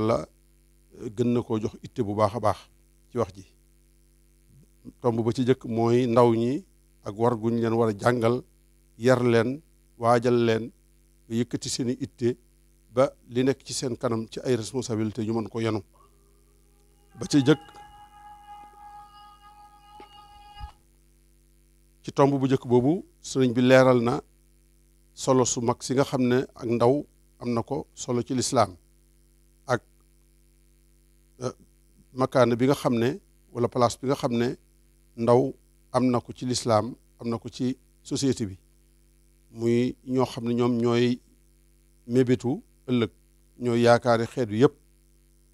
wala gën na koo jox itte bu baax a baax ci wax ji tomb ba ci jëkk mooy ndaw ñi ak war guñ leen war a jàngal yar leen waajal leen yëkkati seeni itte ba li nekk ci seen kanam ci ay responsabilité ñu mën ko yenu ba ci jëkk ci tomb bu jëkk boobu sëriñ bi leeral na solo su mag si nga xam ne ak ndaw am na ko solo ci lislaam Euh, makaana bi nga xam ne wala place bi nga xam ne ndaw am na ko ci lislaam am na ko ci société bi muy ñoo xam ne ñoom ñooy mébétu ëllëg ñooy yaakaari xeet wi yëpp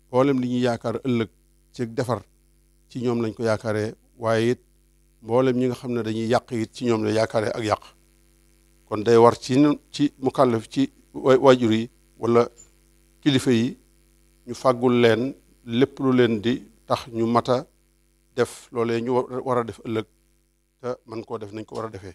mboolem li ñuy yaakaar ëllëg ci defar ci ñoom lañ ko yaakaaree waaye it mboolem ñi nga xam ne dañuy yàq it ci ñoom la yaakaaree ak yàq kon day war ci ci mukallaf ci waajur yi wala kilifa yi ñu fàggul leen lépp lu leen di tax ñu mat a def loolee ñu war a def ëllëg te man koo def nañ ko war a defee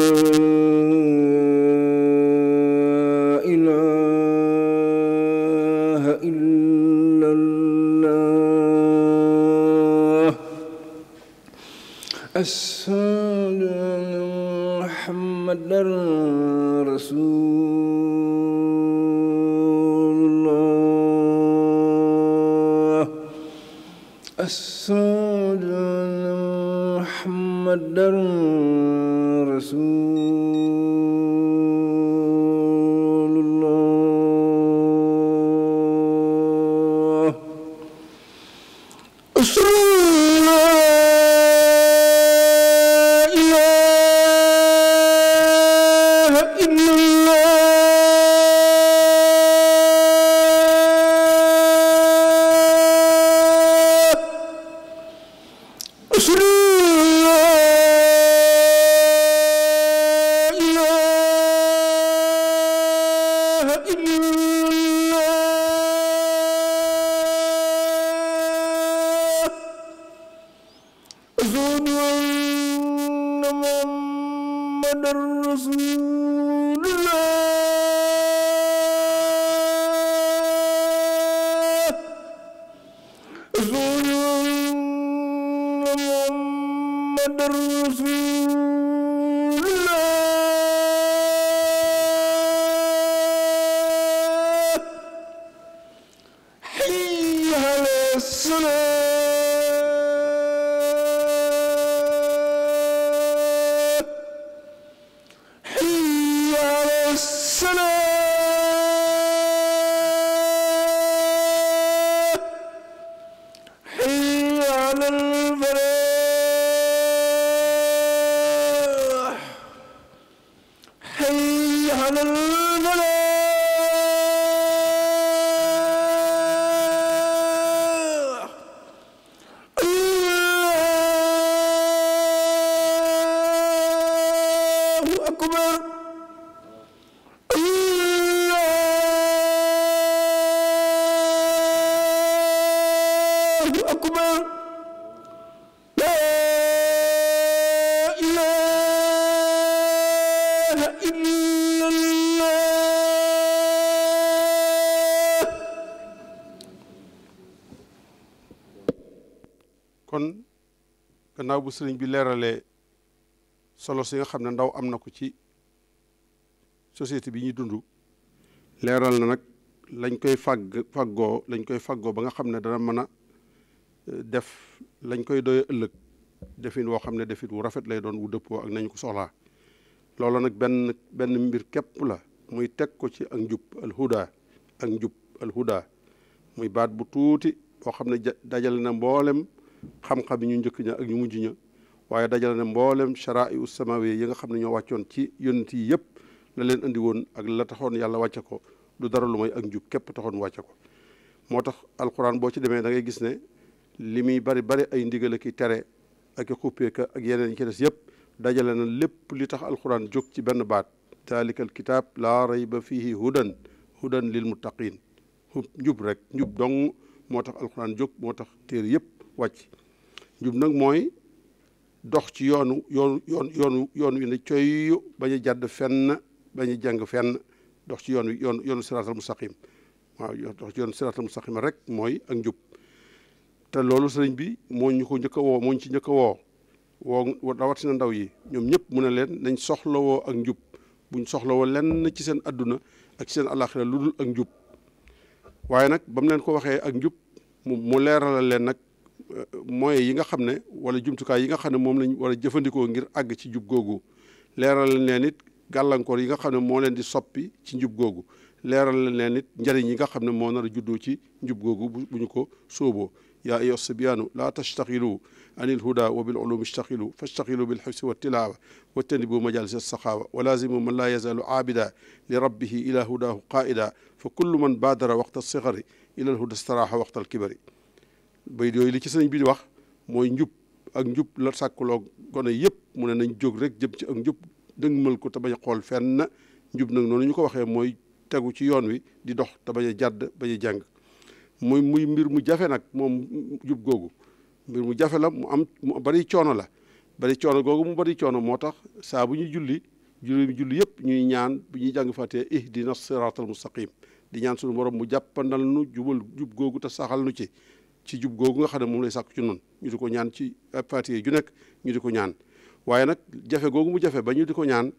Ousmane subhanallah ginnaaw bu sëriñ bi leeralee solo si nga xam ne ndaw am na ko ci société bi ñuy dund leeral na nag lañ koy fagg faggoo lañ koy faggoo ba nga xam ne dana mën a eh, def lañ koy doy ëllëg defin woo xam ne defin wu rafet lay doon wu dëppoo ak nañu ko soxlaa loolu nag benn benn mbir képp la muy teg ko ci ak njub alhuda ak njub alhuda muy baat bu tuuti boo xam ne dajale na mboolem xam-xam yi ñu njëkk ña ak ñu mujj ña waaye dajale ne mboolem charaa u samawi yi nga xam ne ñoo wàccoon ci yonent yi yëpp la leen andi woon ak la taxoon yàlla wàcce ko lu dara lu mooy ak njub képp taxoon wàcce ko moo tax alxuraan boo ci demee da ngay gis ne li muy bari bari ay ndigal ki tere ak i ak yeneen ci des yëpp dajale na lépp li tax alquran jóg ci benn baat daalika al kitaab laa rayba fihi hudan hudan lil muttaqin njub rek njub dong moo tax alquran jóg moo tax téere yëpp wàcc njub nag mooy dox ci yoonu yoonu yoon yoonu yoon wi ne coy bañ a jàdd bañ a fenn dox ci yoon wi yoon yoonu siraatal mustaqim waaw dox ci yoonu siraatal mustaqim rek mooy ak njub te loolu sëriñ bi moo ñu ko njëkk a woo moo ñu ci njëkk a woo woo rawatina ndaw yi ñoom ñëpp mu ne leen dañ soxlawoo ak njub buñ soxlawoo lenn ci seen adduna ak seen alaxira lu dul ak njub waaye nag ba leen ko waxee ak njub mu leeralal leen nag moyens yi nga xam ne wala jumtukaay yi nga xam ne moom lañ war a jëfandikoo ngir àgg ci jub googu leeral leen nit gàllankoor yi nga xam ne moo leen di soppi ci njub googu leeral leen nit njëriñ yi nga xam ne moo nar a juddoo ci njub googu bu ñu ko sóoboo yaa ayyuha sibyaanu laa tastaxilu anil huda wa bil ulumi istaxilu fastaxilu bil xifsi wa tilaawa wa tanibu majalis saxaawa wa laazimu man laa yazaalu aabida li rabbihi ila hudaahu qaa'ida fa kullu man baadara waqta sigari ila al huda istaraaxa waqta al kibari bay yooyu li ci sëriñ bi di wax mooy njub ak njub la sàkkuloo gone yëpp mu ne nañ jóg rek jëm ci ak njub dëngmal ko te bañ xool fenn njub nag noonu ñu ko waxee mooy tegu ci yoon wi di dox te bañ a jàdd bañ a jàng muy muy mbir mu jafe nag moom njub googu mbir mu jafe la mu am mu bari coono la bari coono googu mu bari coono moo tax saa bu ñu julli juróomi julli yëpp ñuy ñaan bu ñuy jàng fàttee ihdina siraatal mustaqim di ñaan suñu borom mu jàppandal nu jubal jub googu te saxal nu ci ci jub googu nga xam ne moom lay sàkk ci noonu ñu di ko ñaan ci fatiye ju nekk ñu di ko ñaan waaye nag jafe googu mu jafe ba ñu di ko ñaan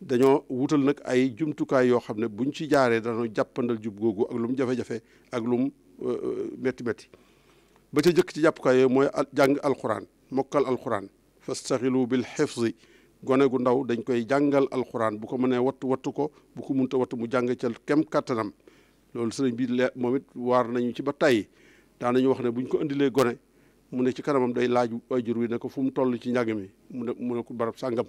dañoo wutal nag ay jumtukaay yoo xam ne buñ ci jaaree dañoo jàppandal jub googu ak lu mu jafe-jafe ak lu euh, euh, mu métti métti ba ca jëkk ci jàppukaay yooyu mooy jàng alxuraan mokkal alxuraan fastaxilu bil xifzi gone gu ndaw dañ koy jàngal alxuraan bu ko mënee wattu wattu ko bu ko munta wattu mu jàng ca kem kàttanam loolu sëriñ bi moom it waar nañu ci ba tey daa nañu wax ne bu ñu ko indilee gone mu ne ci kanamam day laaj waajur wi ne ko fu mu toll ci njàng mi mu ne mu ko barab sàngam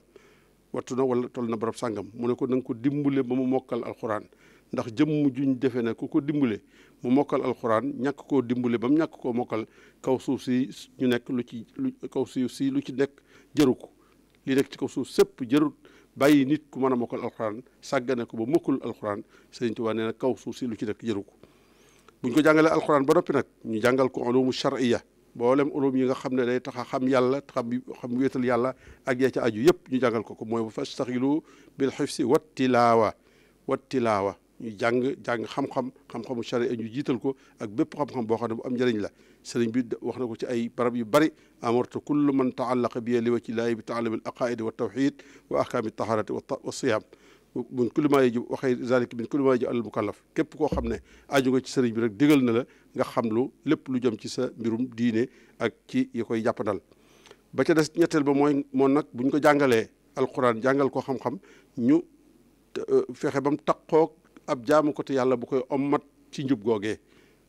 wattu na wala toll na barab sàngam mu ne ko na ko dimbale ba mu mokkal alxuraan ndax jëmm juñ defee ne ku ko dimbale mu mokkal alxuraan ñàkk koo dimbale ba mu ñàkk koo mokkal kaw suuf si ñu nekk lu ci lu kaw suuf si lu ci nekk jëru ko li nekk suuf sëpp jërut bàyyi nit ku mën a mokkal alxuraan sàggane ko ba mokkul alxuraan Sëriñ Tuubaa nee kaw suuf si lu ci nekk jëru ko buñ ko jàngalee alxuraan ba noppi nag ñu jàngal ko ulumu shar'iyya boolem ulum yi nga xam ne day tax a xam yàlla xam xam wéetal yàlla ak yee aju yëpp ñu jàngal ko ko mooy bu fastaxilu bil xifsi wat tilaawa wat tilaawa ñu jàng jàng xam-xam xam-xamu sharia ñu jiital ko ak bépp xam-xam boo xam ne bu am njëriñ la sëriñ bi wax na ko ci ay barab yu bari amartu kullu man taallaqa bi li wa ci laayi bi taalami al aqaidi wa tawxid wa ahkaami taharati wa siyam mun kulima yi ji waxee zalik min kulima yi ji alal mukallaf képp koo xam ne aju nga ci sëriñ bi rek digal na la nga xam lu lépp lu jëm ci sa mbirum diine ak ci yi koy jàppandal ba ca des ñetteel ba mooy moom nag bu buñ ko jàngalee alquran jàngal ko xam-xam ñu euh, fexe ba mu taqoog ab jaamu ko te yàlla bu koy mat ci njub googee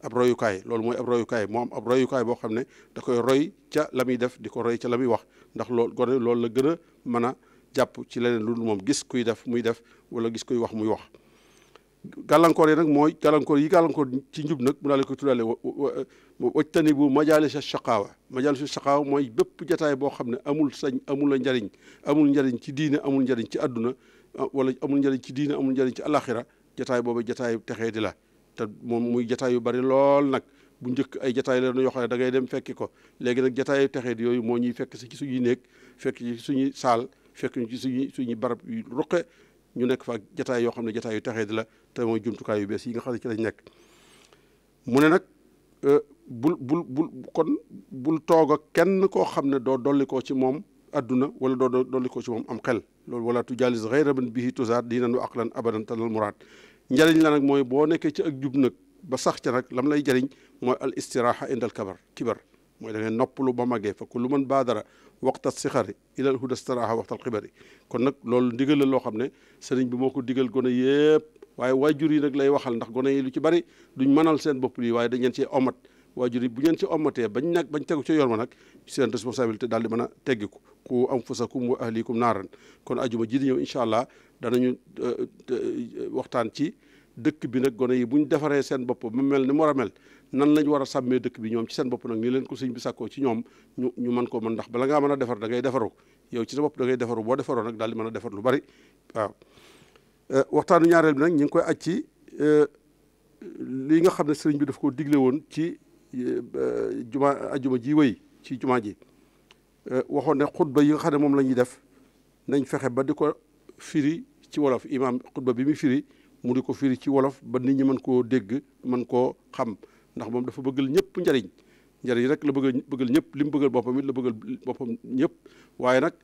ab royukaay loolu mooy ab royukaay moo am ab royukaay boo xam ne da koy roy ca la muy def di ko roy ca la muy wax ndax loolu gone loolu la gën a mën a jàpp ci leneen lu moom gis kuy def muy def wala gis koy wax muy wax gàllankoor yi nag mooy gàllankoor yi gàllankoor ci njub nag mu daal di ko tuddaale wajtani bu majalisa shaqaawa majalisa shaqaawa mooy bépp jataay boo xam ne amul sañ amul njariñ amul njariñ ci diine amul njariñ ci àdduna ah, wala amul njariñ ci diine amul njariñ ci alaxira jataay boobu jataay texee di la te moom muy jataay yu bari lool nag bu njëkk ay jataay la yoo xam ne da ngay dem fekki ko léegi nag jataay texee di yooyu moo ñuy fekk si ci suñuy néeg fekk ci suñuy saal fekk ñu ci suñu suñu barab yu ñu nekk fa jataay yoo xam ne jataay yu taxee di la te mooy jumtukaay yu bees yi nga xam ne ci lañ nekk mu ne nag euh, bul bul bul kon bul toog ak kenn koo xam ne doo dolli koo ci moom adduna wala doo dolli ko ci moom am xel loolu wala tu jaalis xayra man bihi tusaat diinan wa aqlan abadan tanal muraad njëriñ la nag mooy boo nekkee ci ak jub nag ba sax ca nag lam lay jëriñ mooy al istiraaha indal kabar kibar mooy da ngay noppalu ba màggee fa ku lu mën baadara waxta sixari ilal huda staraha waxtal xibari kon nag loolu ndigal la loo xam ne sëriñ bi moo ko digal gone yëpp waaye waajur yi nag lay waxal ndax gone yi lu ci bari duñ mënal seen bopp lii waaye dañ leen cee omat waajur yi bu ngeen si ommatee bañ nag bañ tegu ci yoon ma nag seen responsabilité daal di mën a teggiku ku anfusakum wa ahlikum naaran kon ajuma ji di ñëw incha allah danañu euh, euh, waxtaan ci dëkk bi nag gone yi buñ defaree seen bopp mu mel ni mu a mel nan lañ war a sàmmee dëkk bi ñoom ci seen bopp nag ni leen ko sëñ bi sàkkoo ci ñoom ñu ñu mën ko mën ndax bala ngaa mën a defar da ngay defaru yow ci sa bopp da defaru boo defaroo nag daal di mën a defar lu bari waaw euh, waxtaanu ñaareel bi nag ñu ngi koy aj ci euh, li nga xam ne sëriñ bi daf ko digle woon ci euh, juma ajuma ji wéy ci juma ji waxoon ne xutba yi nga xam ne moom lañuy def nañ fexe ba di ko firi ci wolof imaam xutba bi muy firi mu di ko firi ci wolof ba nit ñi mën koo dégg mën koo xam ndax moom dafa bëggal ñëpp njariñ njariñ rek la bëgg bëggal ñëpp li mu bëggal boppam it la bëggal boppam ñëpp waaye nag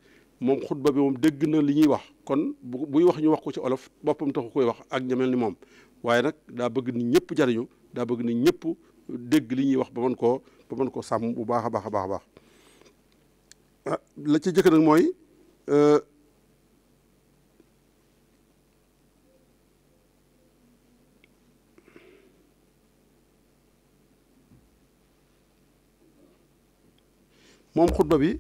moom xutba bi moom dégg na li ñuy wax kon bu buy wax ñu wax ko ci olof boppam taxu koy wax ak ñamel ni moom waaye nag daa bëgg ni ñëpp jariñu daa bëgg ni ñëpp dégg li ñuy wax ba mën koo ba koo sàmm bu baax a baax a baax a baax ah, la ci jëkk mooy euh, moom xutba bi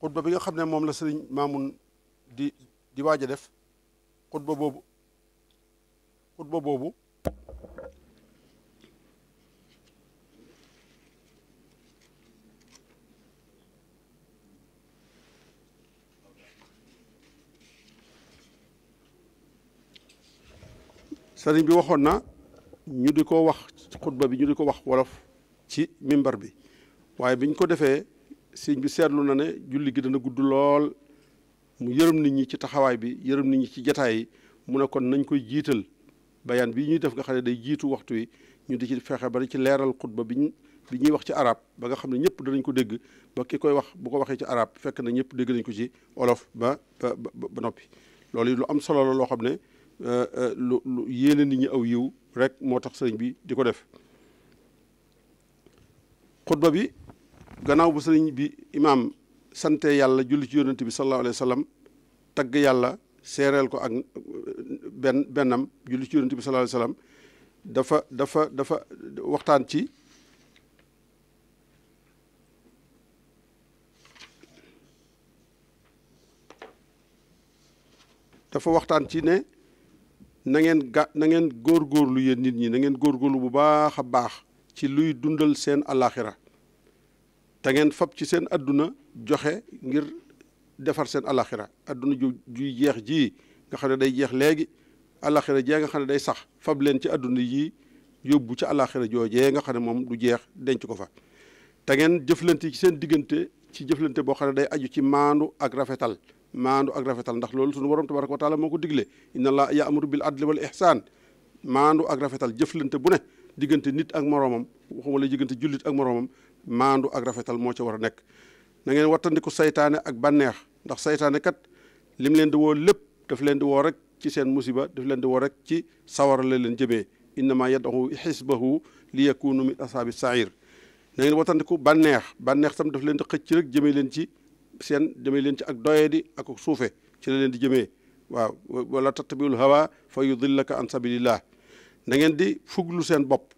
xutba bi nga xam ne moom la sëriñ Maamun di di waaj a def xutba boobu xutba boobu sëriñ bi waxoon na ñu di ko wax xutba bi ñu di ko wax wolof ci mimbar bi waaye biñ ko defee sëriñ bi seetlu na ne julli gi dana gudd lool mu yërëm nit ñi ci taxawaay bi yërëm nit ñi ci jataay yi mu ne kon nañ koy jiital bayaan bi ñuy def nga xam ne day jiitu waxtu wi ñu di ci fexe bari ci leeral xutba bi bi ñuy wax ci arab ba nga xam ne ñëpp danañ ko dégg ba ki koy wax bu ko waxee ci arab fekk na ñëpp dégg nañ ko ci olof ba ba ba noppi loolu lu am solo loo xam ne Euh, euh, lu lu yéene nit ñi aw yiw rek moo tax sëriñ bi di ko def xutba bi gannaaw bu sëriñ bi imaam sante yàlla julli ci yonent bi sallallahu alayhi tagg yàlla seereel ko ak euh, benn bennam julli ci yonent bi sallallahu alayhi dafa dafa dafa waxtaan ci dafa waxtaan ci ne na ngeen ga na ngeen góorgóorlu yéen nit ñi na ngeen góorgóorlu bu baax a baax ci luy dundal seen alaxira te ngeen fab ci seen adduna joxe ngir defar seen alaxira adduna ju juy jeex ji nga xam ne day jeex léegi alaxira jee nga xam ne day sax fab leen ci adduna yi yóbbu ci alaxira joojee nga xam ne moom du jeex denc ko fa te ngeen jëflante ci seen diggante ci jëflante boo xam ne day aju ci maandu ak rafetal maandu ak rafetal ndax loolu sunu borom tabaraka wa taala moo ko digle inna allah yaamuru bil adli wal ihsaan maandu ak rafetal jëflante bu ne diggante nit ak moroomam wala diggante jullit ak moroomam maandu ak rafetal moo ca war a nekk na ngeen wattandiku saytaane ak bànneex ndax seytaane kat lim leen di woo lépp daf leen di woo rek ci seen musiba daf leen di woo rek ci sawara la leen jëmee innama yadahu xisbahu li yakunu min asaabi sair na ngeen wattandiku bànneex bànneex tam daf leen xëcc rek jëmee leen ci seen demee leen ci ak doyadi ak suufe ci la leen di jëmee waaw wala tattabiul hawa fa yudillaka an sabilillah na ngeen di fuglu seen bopp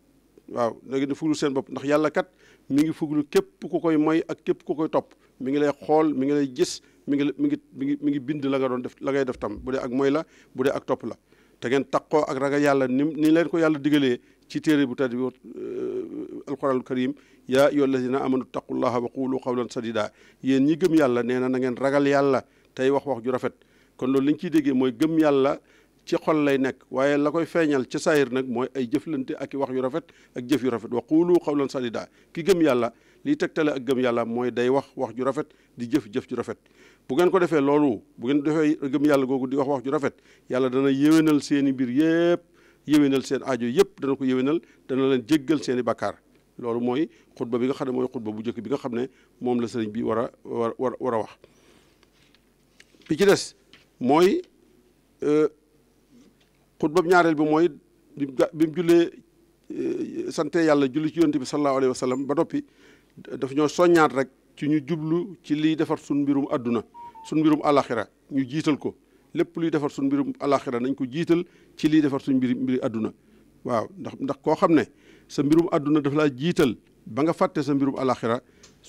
waaw da ngeen di fuglu seen bopp ndax yàlla kat mi ngi fuglu képp ku koy moy ak képp ku koy topp mi ngi lay xool mi ngi lay gis mi ngi mi ngi mi ngi mi ngi bind la nga doon def la ngay def tam bu dee ak moy la bu dee ak topp la te ngeen taqoo ak ragal yàlla ni ni leen ko yàlla digalee ci téere bu tedd bi euh, alquranul karim yaa la ayyuha alladina amanu taqullaha wa qulu qawlan sadida yéen ñi gëm yàlla nee na na ngeen ragal yàlla tey wax wax ju rafet kon loolu li ñu ciy déggee mooy gëm yàlla ci xol lay nekk waaye la koy feeñal ca saayir nag mooy ay jëflante ak wax yu rafet ak jëf yu rafet wa qulu qawlan sadida ki gëm yàlla liy tegtale ak gëm yàlla mooy day wax wax ju rafet di jëf jëf ju rafet bu ngeen ko defee loolu bu ngeen defee gëm yàlla googu di wax wax ju rafet yàlla dana yéwénal seen i mbir yépp seen aajo yépp dana ko yéwénal dana leen jéggal seen i bakkaar loolu mooy xutba bi nga xam ne mooy xutba bu njëkk bi nga ne moom la sëriñ bi war a war war war a wax bi ci des mooy euh, xutba bu ñaareel bi mooy bi mu jullee euh, sante yàlla julli ci yonent bi sallallahu alayhi wa ba noppi daf ñoo soññaat rek ci ñu jublu ci liy defar suñ mbirum àdduna suñ mbirum alaxira ñu jiital ko lépp luy defar suñ mbirum alaxira nañ ko jiital ci liy defar suñ mbir mbiri àdduna waaw ndax ndax koo xam ne sa mbirum àdduna daf laa jiital ba nga fàtte sa mbirum alaxira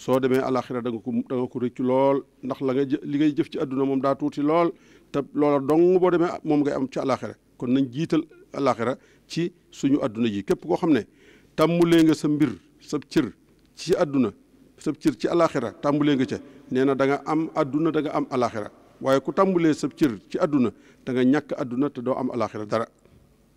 soo demee alaxira danga nga ko da nga ko lool ndax la nga li ngay jëf ci àdduna moom daa tuuti lool te loola dong boo demee moom ngay am ci alaxira kon nañ jiital alaxira ci suñu àdduna ji képp koo xam ne tàmmulee nga sa mbir sab cër ci àdduna sa cër ci alaxira tàmmulee nga ca nee na da am àdduna da nga am alaxira waaye ku tambulee sa cër ci àdduna da nga ñàkk àdduna te doo am alaxira dara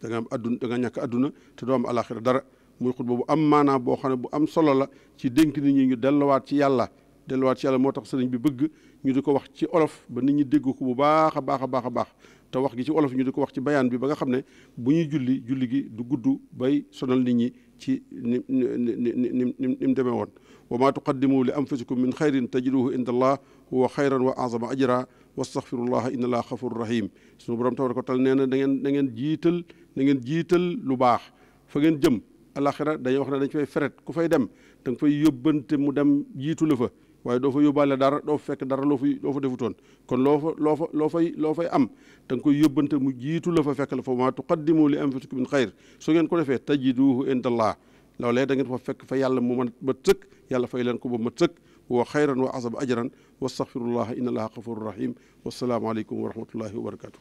da am àdduna da nga ñàkk àdduna te doo am dara muy xutba bu am maanaa boo xam ne bu am solo la ci dénk nit ñi ñu delluwaat ci yàlla delluwaat ci yàlla moo tax sëriñ bi bëgg ñu di ko wax ci olof ba nit ñi dégg ko bu baax a baax baax a baax te wax gi ci olof ñu di ko wax ci bayaan bi ba nga xam ne bu ñuy julli julli gi du gudd bay sonal nit ñi ci ni ni ni mu demee woon wa maa tuqaddimu li anfusikum min xayrin tajiduhu inda allah huwa xayran wa azama ajra wastaxfirullaha inna allaha xafuru rahim suñu borom tabaraka wa taala nee na da ngeen da ngeen jiital da ngeen jiital lu baax fa ngeen jëm alaxira dañuy wax ne dañ fay feret ku fay dem da nga fay yóbbante mu dem jiitu la fa waaye doo fa yóbbaale dara doo fa fekk dara loo fa loo fa defutoon kon loo fa loo loo fay loo fay am da nga koy yóbbante mu jiitu la fa fekk la fa ma tuqaddimu li anfusikum min xayr su ngeen ko defee tajiduhu indallah loolee da ngeen fa fekk fa yàlla mu mën ba tëkk yàlla fay leen ko ba ma tëkk wa xayran wa asaba ajran wa astaxfirullaha inna allaha gafurur rahim wasalaamu aleykum wa rahmatullahi wa barakatuh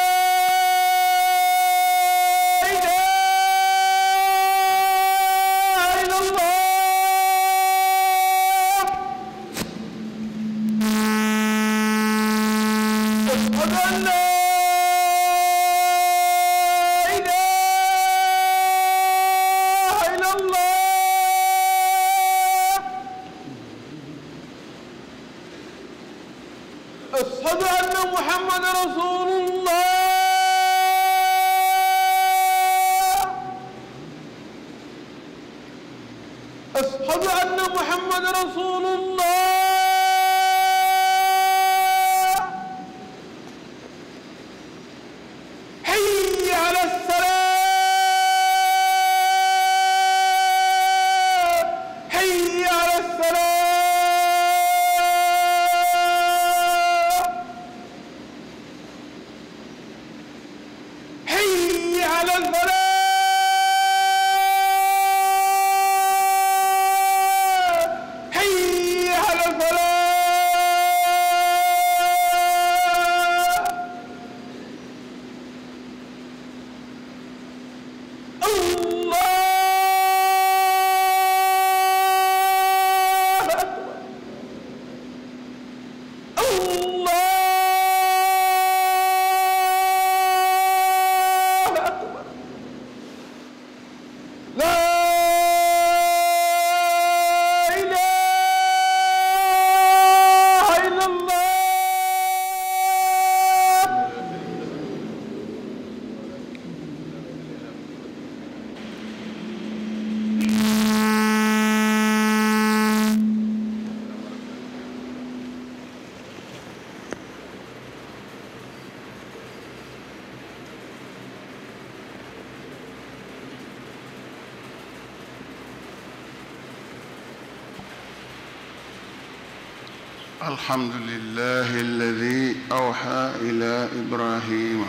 الحمد لله الذي أوحى إلى إبراهيم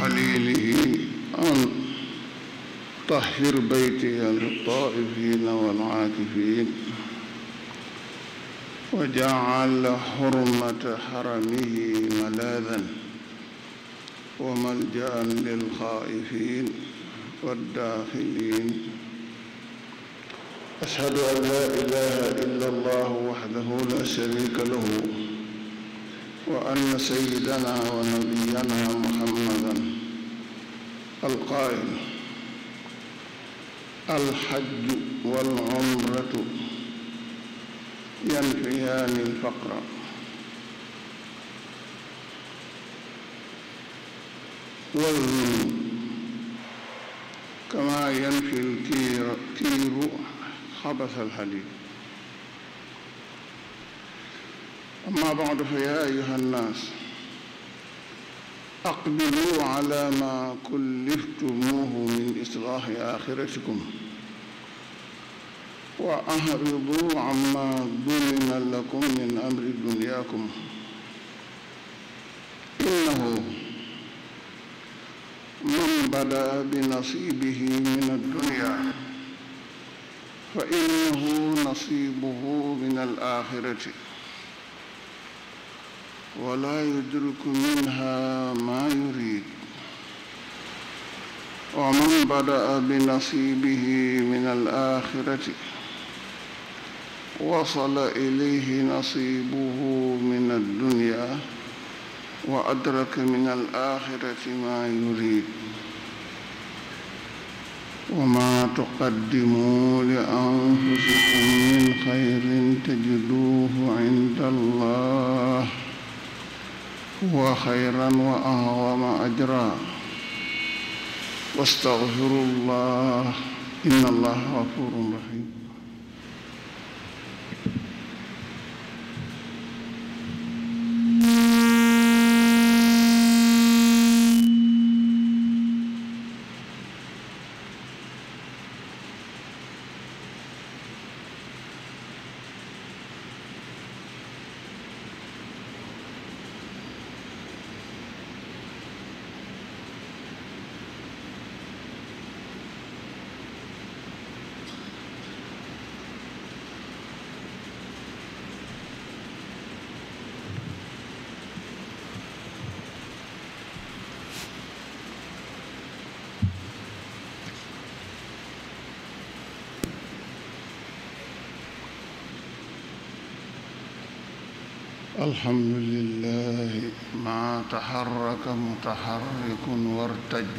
خليله أن طهر بيتي للطائفين والعاكفين وجعل حرمة حرمه ملاذا وملجأ للخائفين والداخلين أشهد أن لا إله إلا الله وحده لا شريك له وأن سيدنا ونبينا محمدا القائل الحج والعمرة ينفيان الفقر والذنوب كما ينفي الكير xabasal xalil amma baadu fa yaa ayuha nnaas aqbilu ala ma kulliftumuuhu min islaahi axiratikum wa ahridu amma dulima lakum min amri dunyaakum innahu man bada bi nasibihi min addunya فإنه نصيبه من الآخرة ولا يدرك منها ما يريد ومن بدأ بنصيبه من الآخرة وصل إليه نصيبه من الدنيا وأدرك من الآخرة ما يريد وما تقدموا لأنفسكم من خير تجدوه عند الله هو خيرا وأعظم أجرا واستغفروا الله إن الله غفور رحيم الحمد لله ما تحرك متحرك وارتج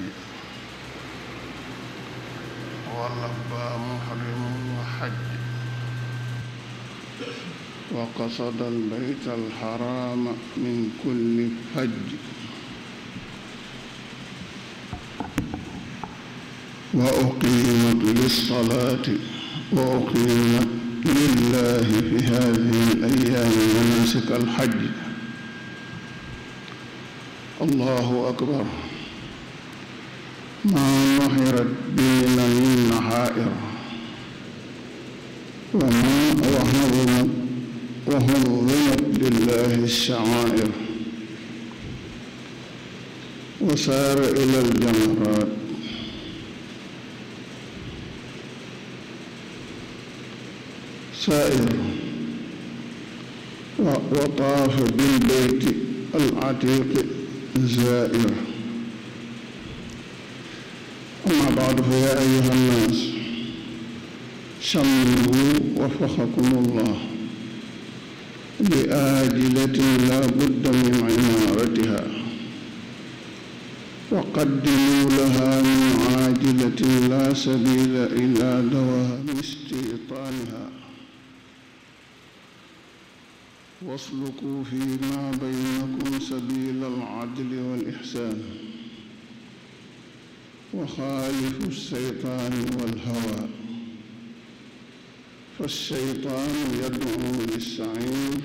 ولبى محرم وحج وقصد البيت الحرام من كل فج وأقيمت للصلاة وأقيمت لله في هذه الأيام مناسك الحج الله أكبر ما نحرت بنا من نحائر وما وحرمت وحرمت لله الشعائر وسار إلى الجمرات saa'im wa taafa bil bayti al atiiq zaa'ir amma ba'du fa yaa ayyuha nnaas sammu waffaqakumullah li aajilatin laa budda min imaaratihaa وقدموا لها من عاجلة لا سبيل إلى دوام استيطانها واسلكوا فيما بينكم سبيل العدل والإحسان وخالفوا الشيطان والهوى فالشيطان يدعو للسعير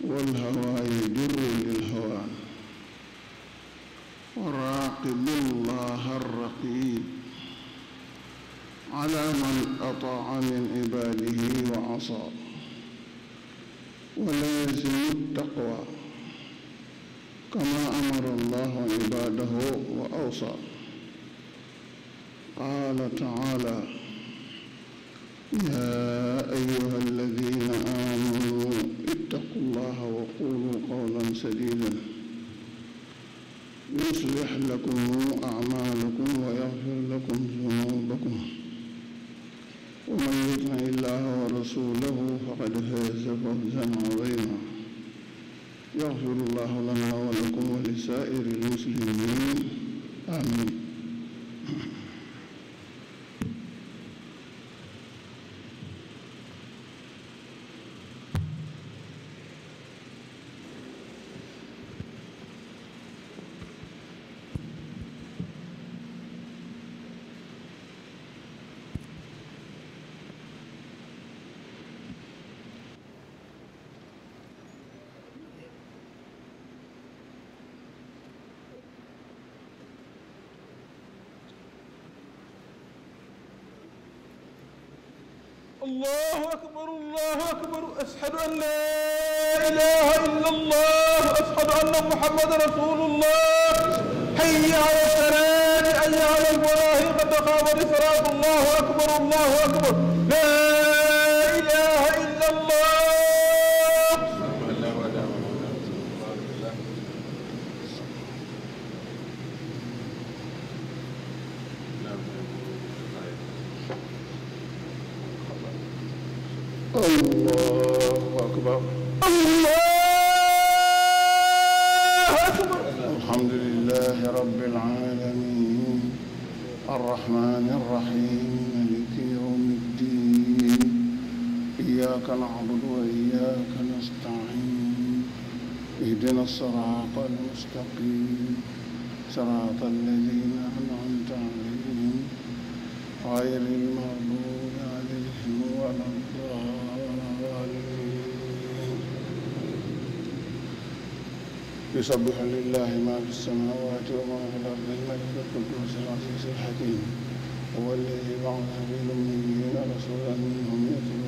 والهوى يجر للهوى وراقب الله الرقيب على من أطاع من عباده وعصى wala yalzimu taqwa kama amara allahu ibadahu wa awsa qaala taala yaa ayyuha alladina amanu ittaqu llaha wa qulu qawlan sadida yuslix lakum acmaalakum wa yaxfir lakum zunubakum ومن يطع الله ورسوله فقد فاز فوزا عظيما يغفر الله لنا ولكم ولسائر المسلمين آمين الله أكبر الله أكبر أشهد أن لا إله إلا الله أشهد أن محمد رسول الله حي على الصلاة حي على الفلاح قد قام الإسراء الله أكبر الله أكبر لا إله إلا الله إياك نعبد وإياك نستعين اهدنا الصراط المستقيم صراط الذين أنعمت عليهم غير المغضوب عليهم ولا الضالين يسبح لله ما في السماوات وما في الأرض الملك القدوس العزيز الحكيم هو الذي بعث في الأميين رسولا منهم يتلو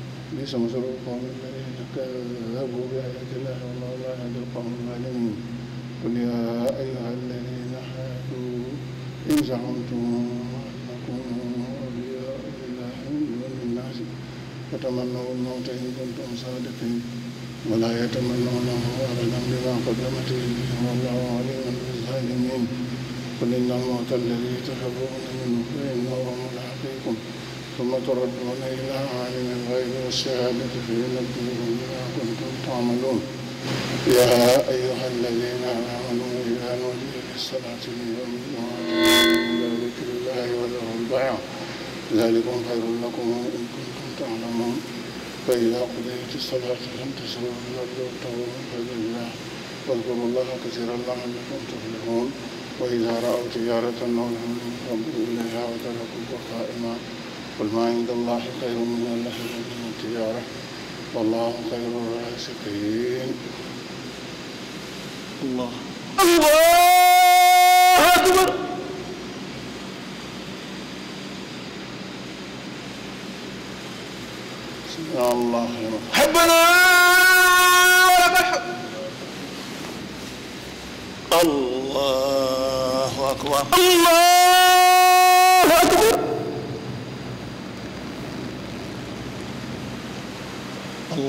ليس مثل القوم الذين كذبوا بآيات الله والله لا يهدي القوم الظالمين قل يا أيها الذين هادوا إن زعمتم أنكم أولياء لله من دون الناس فتمنوا الموت إن كنتم صادقين ولا يتمنونه أبدا بما قدمت يديهم والله عليم بالظالمين قل إن الموت الذي تهربون منه فإنه ملاقيكم ثم تردون إلى عالم الغيب والشهادة فينبئكم بما كنتم تعملون يا أيها الذين آمنوا إذا نودي للصلاة من يوم الجمعة إلى ذكر الله وذروا البيع ذلكم خير لكم إن كنتم تعلمون فإذا قضيت الصلاة فانتصروا من الأرض وابتغوا من فضل الله واذكروا الله كثيرا لعلكم تفلحون وإذا رأوا تجارة أو لهم فانظروا إليها وتركوك قائما قل ما عند الله خير من اللهو والتجارة والله خير الرازقين الله الله أكبر سمع الله لمن حبنا ولك الحب الله أكبر الله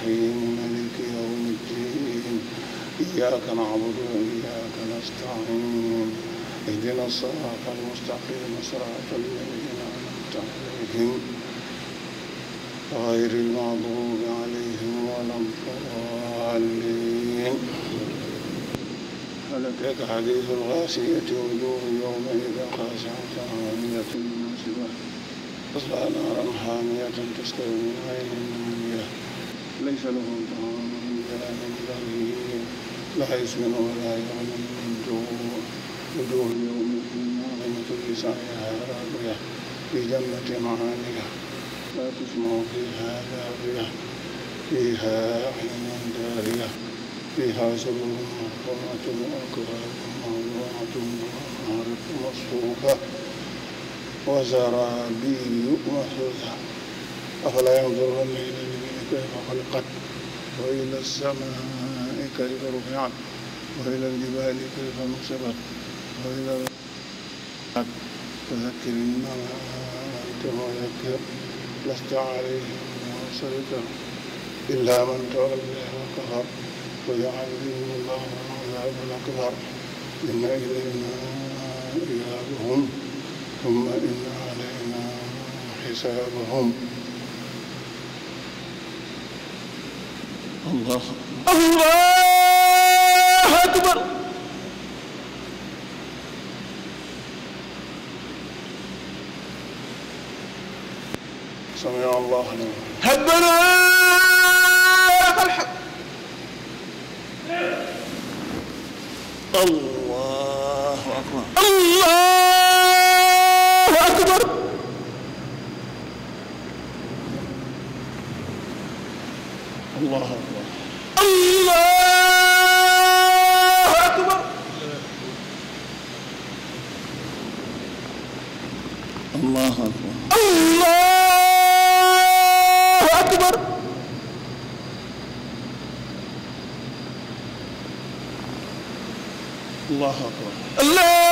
الرحيم مالك يوم الدين إياك نعبد وإياك نستعين اهدنا الصراط المستقيم صراط الذين أنعمت عليهم غير المغضوب عليهم ولا الضالين فلتك حديث الغاشية وجوه يومئذ خاشعة عاملة ناصبة تصلى نارا حامية تسكن من عينها ليس له دعاء من ذلك لا يسمن ولا يغنم من جوع وجوه يوم ناظمة لسعيها راضية في جنة معالية لا تسمع فيها لاغية فيها عين دارية فيها سرور مرفوعة وأكواب موضوعة وأنهار مصفوفة وزرابي مصفوفة أفلا ينظرون إلى كيف خلقت وإلى السماء كيف رفعت وإلى الجبال كيف نصبت وإلى فذكر إنما أنت مذكر لست عليهم بمسيطر إلا من تولى وكفر ويعذبه الله العذاب الأكبر إن إلينا إيابهم ثم إن علينا حسابهم allahu akbar sami allahu liman rabbana lakal hamd allahu akbar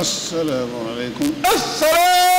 asalaamaaleykum asalaam